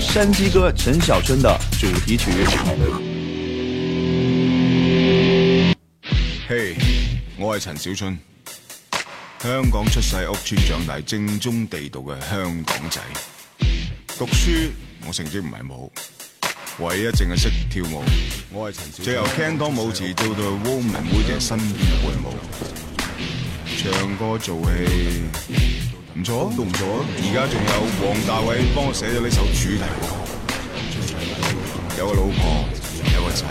山雞哥陳小春的主題曲。Hey，我係陳小春，香港出世屋村，長大，正宗地道嘅香港仔。讀書我成績唔係冇，唯一淨係識跳舞。我係陳小春，最由 c 歌舞池、就是、做到汪明 m 嘅身會嘅新的舞的。唱歌做戲。唔錯，都唔錯啊！而家仲有黃大偉幫我寫咗呢首主題歌，有個老婆，有個仔，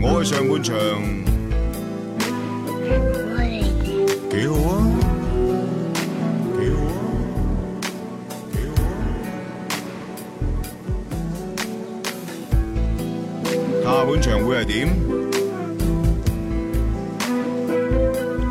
我係上半場，給我，給我，給我，下半場會係點？